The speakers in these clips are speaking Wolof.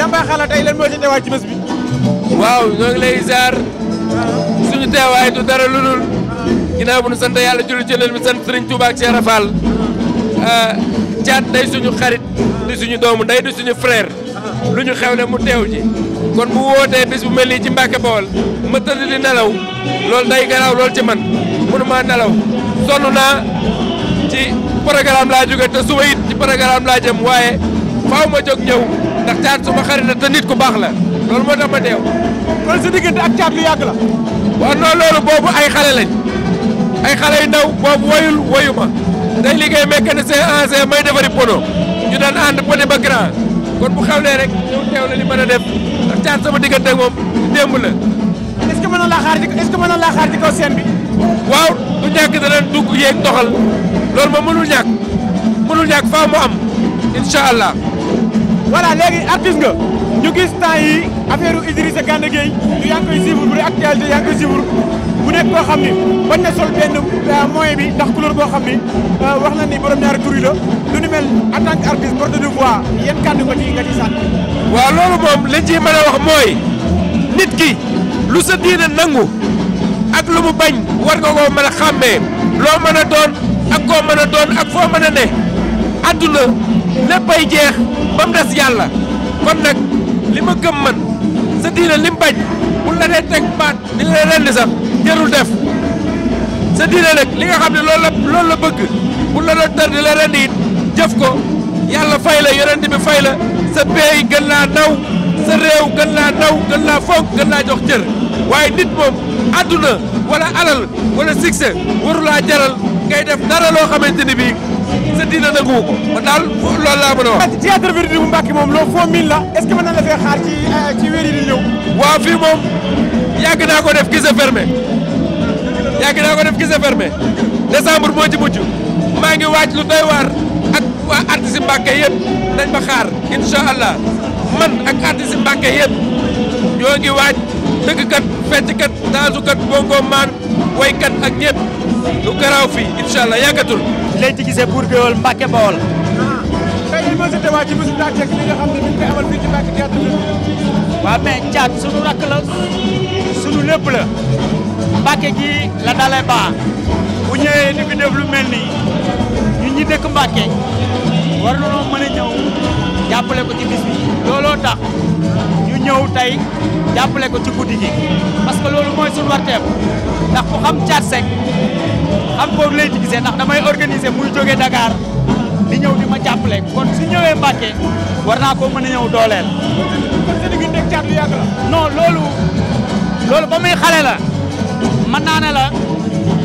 Damba Xalla tey lan moo ci teewaay ci bés bi. waaw ñoo ngi lay suñu teewaay du dara lu dul. ginnaaw bu ñu sant yàlla julli ci leen bi sant Serigne Touba ak Cheikh Rafal. caat euh, day suñu xarit. di suñu doomu day di suñu frère. lu ñu xew ne mu teew ji. kon bu wootee bis bu mel nii ci Mbàkke Bawol ma tëdd di nelaw loolu day garaaw loolu ci man mënuma nelaw sonn naa ci programme laa jóge te suba ci programme laa jëm waaye. faaw ma jóg ñëw ndax caat suma xarit la te nit ku baax la loolu moo dama ma deew kon sa diggante ak caat lu yàgg la waaw non loolu boobu ay xale lañ ay xale yu ndaw boobu woyul woyu ma day liggéey mécanicien ancien may defari pono ñu daan ànd petit ba grand kon bu xewlee rek ñëw teew la li mën a def ndax caat sama diggante ak moom démb la est mën na laa xaar ci est mën na laa xaar ci seen bi waaw du ñàkk da leen dugg yéeg doxal loolu ma mënul ñàkk mënul ñàkk faaw mu am incha allah voilà léegi artiste nga ñu gis temps yi affaire u Idrissa Gana Gueye du yaa ngi koy bu nekk koo xam ni bañ na sol benn euh, moyen bi ndax couleur boo xam ni euh, wax na ni borom ñaari tur la lu ni mel en tant que artiste porte de voix yan kàddu ci nga ci sànni. waaw loolu moom liñ ciy mën a wax mooy nit ki lu sa diine nangu ak lu mu bañ war nga koo mën a xàmmee loo mën a doon ak koo mën a doon ak foo mën a ne. àdduna léppay jeex ba mu des yàlla kon nag li ma gëm man sa diina li mu bañ bu la dee teg baat di la leen sax jarul def sa diina nag li nga xam ne loolu la loolu la bëgg bu la doon tër di la rendi it jëf ko yàlla fay la yonent bi fay la sa pays gën laa naw sa réew gën laa naw gën laa fonk gën laa jox cër waaye nit moom àdduna wala alal wala succès waru laa jaral ngay def dara loo xamante ni bii sa diina nanguwu ko man daal loolu laa mën a wax. théâtre Vérité bu Mbàkke moom loolu foo miin la est na la fee xaar ci euh, ci wér yi di ñëw. waaw fii moom yàgg naa ko def gis a fermé yàgg naa ko def gis a fermé décembre mujj maa ngi waaj lu doy waar ak waa artiste Mbàkke yëpp nañ ma xaar incha allah man ak artiste Mbàkke yëpp ñoo ngi waaj dëggkat fecckat dansukat bongo maan woykat ak ñëpp. lu garaaw fii incha allah yàggatul. lañ ci gisee pour Gueweul Mbacke Bawol. ma si teewaat ci bisu Ndaa Cekk li nga xam ne dañ koy amal fii ci Mbacke Théâtre bi. waaw mais Thiat sunu rakk la sunu lépp la Mbacke gi la dalee baax bu ñëwee di mel nii ñun ñi dëkk war nañoo mën a ñëw jàppale ko ci bis ñu ñëw tey ko ci guddi gi loolu. warteef ndax ku xam Thiat Seck xam foofu lay gisee ndax damay organise muy jóge Dakar di ñëw di ma jàppale kon su ñëwee Mbàkke war naa koo mën a ñëw dooleel. kon la. loolu loolu ba muy xale la mën naa ne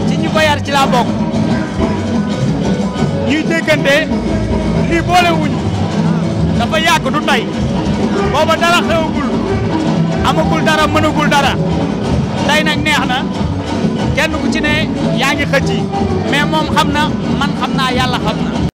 ci ñi ko yar ci laa bokk ñuy déggante lii boole wuñu dafa yàgg du tey booba dara xewagul amagul dara mënagul dara. tey nag neex na kenn ku ci ne yaa ngi xëcc mais moom xam na man xam naa yàlla xam na